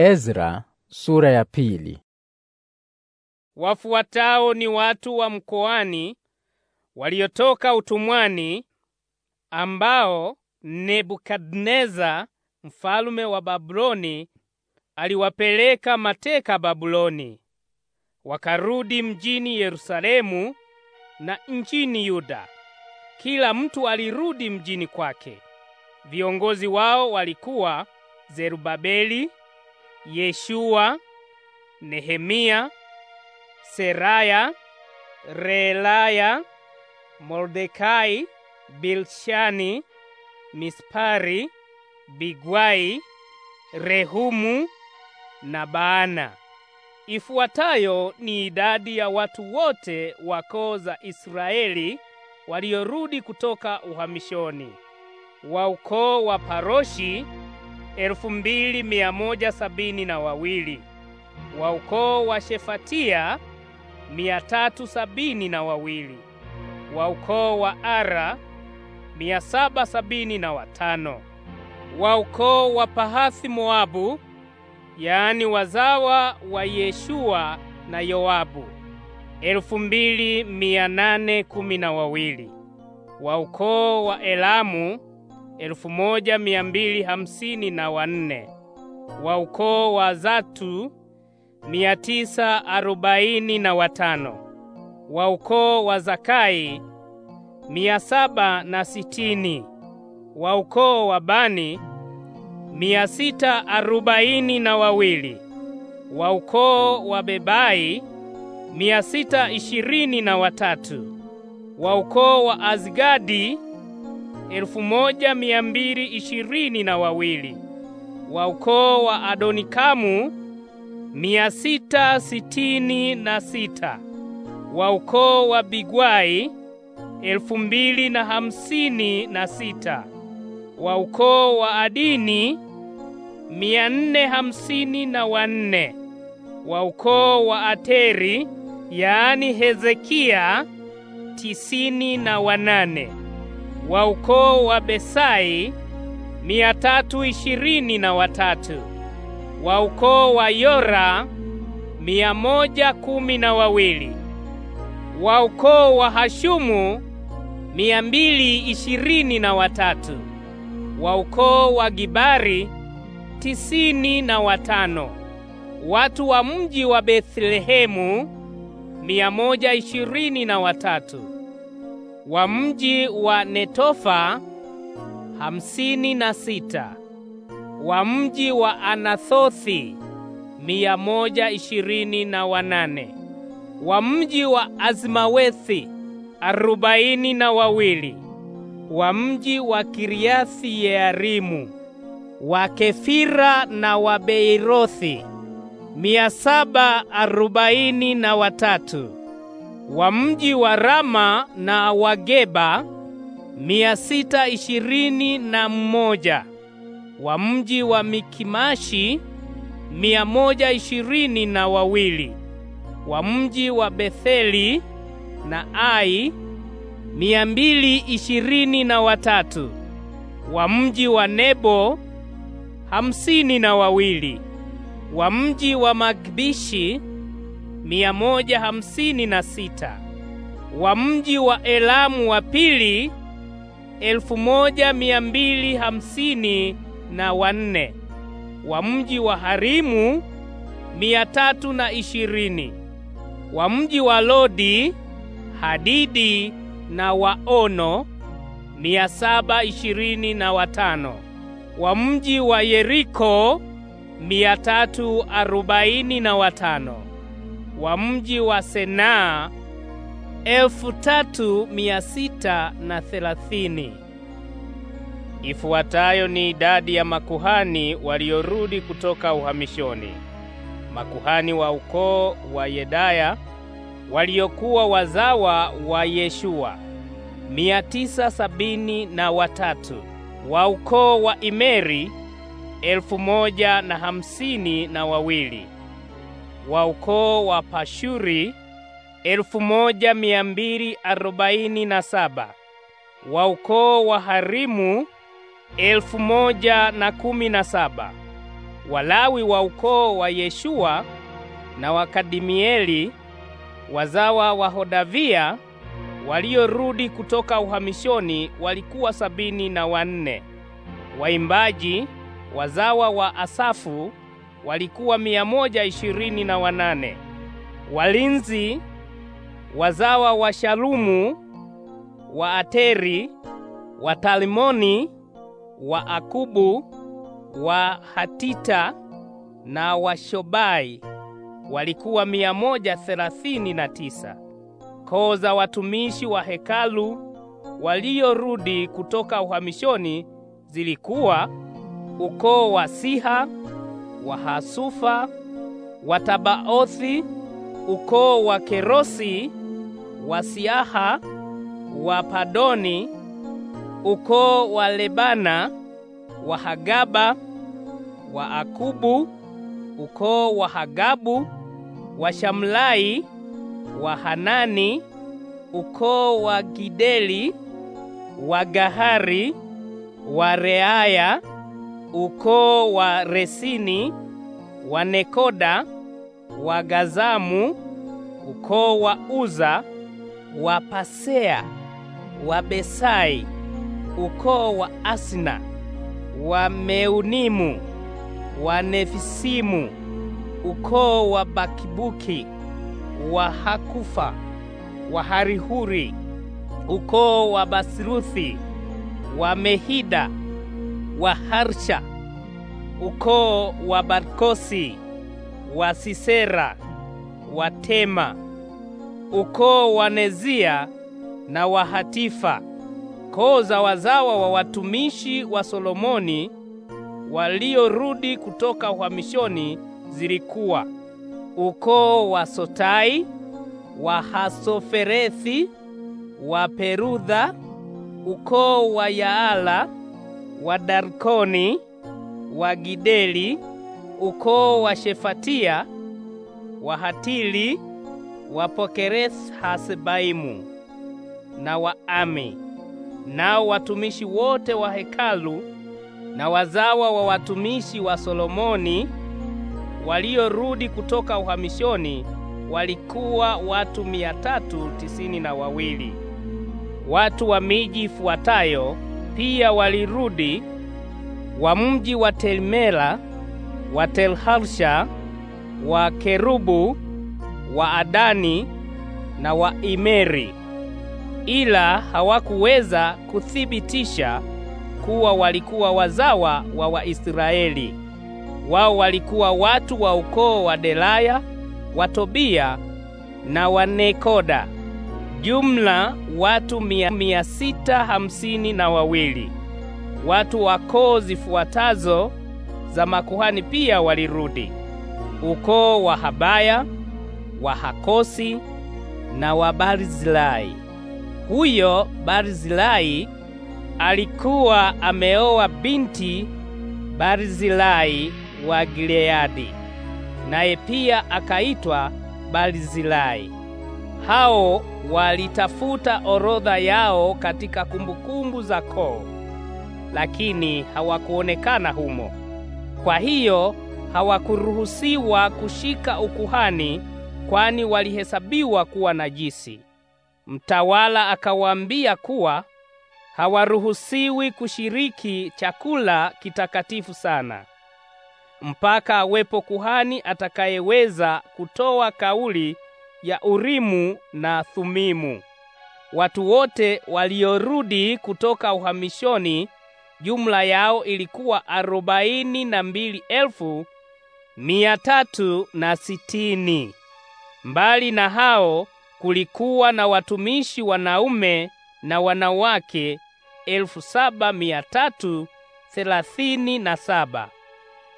Ezra sura ya pili. Wafuatao ni watu wa mkoani waliotoka utumwani ambao Nebukadneza mfalme wa Babuloni aliwapeleka mateka Babuloni. Wakarudi mjini Yerusalemu na nchini Yuda. Kila mtu alirudi mjini kwake. Viongozi wao walikuwa Zerubabeli Yeshua, Nehemia, Seraya, Relaya, Mordekai, Bilshani, Mispari, Bigwai, Rehumu na Baana. Ifuatayo ni idadi ya watu wote wa koo za Israeli waliorudi kutoka uhamishoni wa ukoo wa Paroshi elfu mbili mia moja sabini na wawili wa ukoo wa Shefatia mia tatu sabini na wawili wa ukoo wa Ara mia saba sabini na watano wa ukoo wa Pahathi Moabu, yaani wazawa wa Yeshua na Yoabu elufu mbili mia nane kumi na wawili wa ukoo wa Elamu elfu moja mia mbili hamsini na wanne wa ukoo wa Zatu mia tisa arobaini na watano wa ukoo wa Zakai mia saba na sitini wa ukoo wa Bani mia sita arobaini na wawili wa ukoo wa Bebai mia sita ishirini na watatu wa ukoo wa Azgadi elfu moja mia mbili ishirini na wawili wa ukoo wa Adonikamu mia sita sitini na sita wa ukoo wa Bigwai elfu mbili na hamsini na sita wa ukoo wa Adini mia nne hamsini na wanne wa ukoo wa Ateri yaani Hezekia tisini na wanane wa ukoo wa Besai mia tatu ishirini na watatu, wa ukoo wa Yora mia moja kumi na wawili, wa ukoo wa Hashumu mia mbili ishirini na watatu, wa ukoo wa Gibari tisini na watano, watu wa mji wa Bethlehemu mia moja ishirini na watatu wa mji wa Netofa hamsini na sita, wa mji wa Anathothi mia moja ishirini na wanane, wa mji wa Azmawethi arobaini na wawili, wa mji wa Kiriathi Yearimu, wa Kefira na wa Beirothi mia saba arobaini na watatu wa mji wa Rama na wa Geba mia sita ishirini na mmoja, wa mji wa Mikimashi mia moja ishirini na wawili, wa mji wa Betheli na Ai mia mbili ishirini na watatu, wa mji wa Nebo hamsini na wawili, wa mji wa Magbishi mia moja hamsini na sita wa mji wa Elamu wa pili elfu moja mia mbili hamsini na wanne wa mji wa Harimu mia tatu na ishirini wa mji wa Lodi, Hadidi na Waono mia saba ishirini na watano wa mji wa Yeriko mia tatu arobaini na watano wa mji wa Senaa elfu tatu mia sita na thelathini. Ifuatayo ni idadi ya makuhani waliorudi kutoka uhamishoni: makuhani wa ukoo wa Yedaya waliokuwa wazawa wa Yeshua mia tisa sabini na watatu, wa ukoo wa Imeri elfu moja na hamsini na wawili wa ukoo wa Pashuri 1247 moja mbili arobaini na saba wa ukoo wa Harimu 1017 moja na kumi na saba Walawi wa ukoo wa Yeshua na Wakadimieli wazawa wa Hodavia waliorudi kutoka uhamishoni walikuwa sabini na wanne. Waimbaji wazawa wa Asafu walikuwa mia moja ishirini na wanane. Walinzi wazawa wa Shalumu, wa Ateri, wa Talimoni, wa Akubu, wa Hatita na wa Shobai walikuwa mia moja thelathini na tisa. Koo za watumishi wa hekalu waliorudi kutoka uhamishoni zilikuwa ukoo wa Siha wa Hasufa, wa Tabaothi, ukoo wa Kerosi, wa Siaha, wa Padoni, ukoo wa Lebana, wa Hagaba, wa Akubu, ukoo wa Hagabu, wa Shamlai, wa Hanani, ukoo wa Gideli, wa Gahari, wa Reaya ukoo wa Resini, wa Nekoda, wa Gazamu, ukoo wa Uza, wa Pasea, wa Besai, ukoo wa Asina, wa Meunimu, wa Nefisimu, ukoo wa Bakibuki, wa Hakufa, wa Harihuri, ukoo wa Basiruthi, wa Mehida wa Harsha, ukoo wa Barkosi, wa Sisera, wa Tema, ukoo wa Nezia na wa Hatifa, koo za wazawa wa watumishi wa Solomoni waliorudi kutoka uhamishoni zilikuwa: ukoo wa Sotai, wa Hasoferethi, wa Perudha, ukoo wa Yaala, Wadarkoni, gideli ukoo wa Shefatia, wa hatili wa pokeres Hasebaimu na wa ami nao watumishi wote wa hekalu na wazawa wa watumishi wa Solomoni waliorudi kutoka uhamishoni walikuwa watu mia tatu tisini na wawili. Watu wa miji ifuatayo pia walirudi wa mji wa Telmela, wa Telharsha, wa Kerubu, wa Adani na wa Imeri, ila hawakuweza kuthibitisha kuwa walikuwa wazawa wa Waisraeli. Wao walikuwa watu wa ukoo wa Delaya, wa Tobia na wa Nekoda jumla watu mia, mia sita hamsini na wawili. Watu wa koo zifuatazo za makuhani pia walirudi: ukoo wa Habaya, wa Hakosi na wa Barzilai. Huyo Barzilai alikuwa ameoa binti Barzilai wa Gileadi, naye pia akaitwa Barzilai. Hao walitafuta orodha yao katika kumbukumbu za koo, lakini hawakuonekana humo. Kwa hiyo hawakuruhusiwa kushika ukuhani, kwani walihesabiwa kuwa najisi. Mtawala akawaambia kuwa hawaruhusiwi kushiriki chakula kitakatifu sana mpaka awepo kuhani atakayeweza kutoa kauli ya Urimu na Thumimu. Watu wote waliorudi kutoka uhamishoni jumla yao ilikuwa arobaini na mbili elfu mia tatu na sitini. Mbali na hao kulikuwa na watumishi wanaume na wanawake elfu saba mia tatu thelathini na saba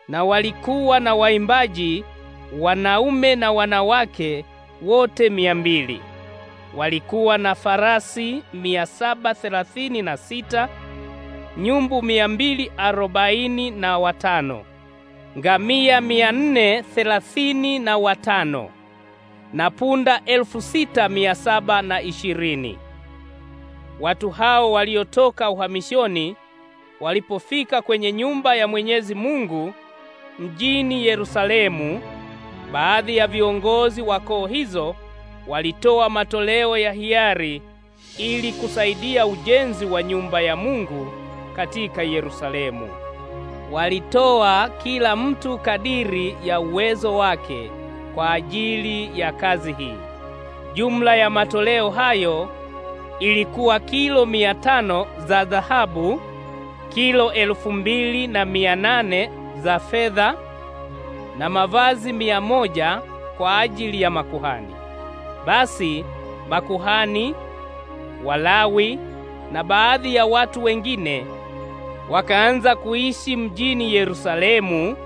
na walikuwa na waimbaji wanaume na wanawake wote mia mbili. Walikuwa na farasi mia saba thelathini na sita, nyumbu mia mbili arobaini na watano, ngamia mia nne thelathini na watano na punda elfu sita mia saba na ishirini. Watu hao waliotoka uhamishoni walipofika kwenye nyumba ya Mwenyezi Mungu mjini Yerusalemu Baadhi ya viongozi wa koo hizo walitoa matoleo ya hiari ili kusaidia ujenzi wa nyumba ya Mungu katika Yerusalemu. Walitoa kila mtu kadiri ya uwezo wake kwa ajili ya kazi hii. Jumla ya matoleo hayo ilikuwa kilo mia tano za dhahabu, kilo elfu mbili na mia nane za fedha na mavazi mia moja kwa ajili ya makuhani. Basi makuhani, Walawi na baadhi ya watu wengine wakaanza kuishi mjini Yerusalemu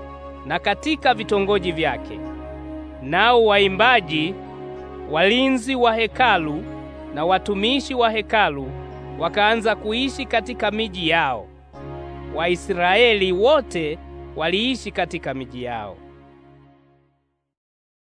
na katika vitongoji vyake. Nao waimbaji, walinzi wa hekalu na watumishi wa hekalu wakaanza kuishi katika miji yao. Waisraeli wote waliishi katika miji yao.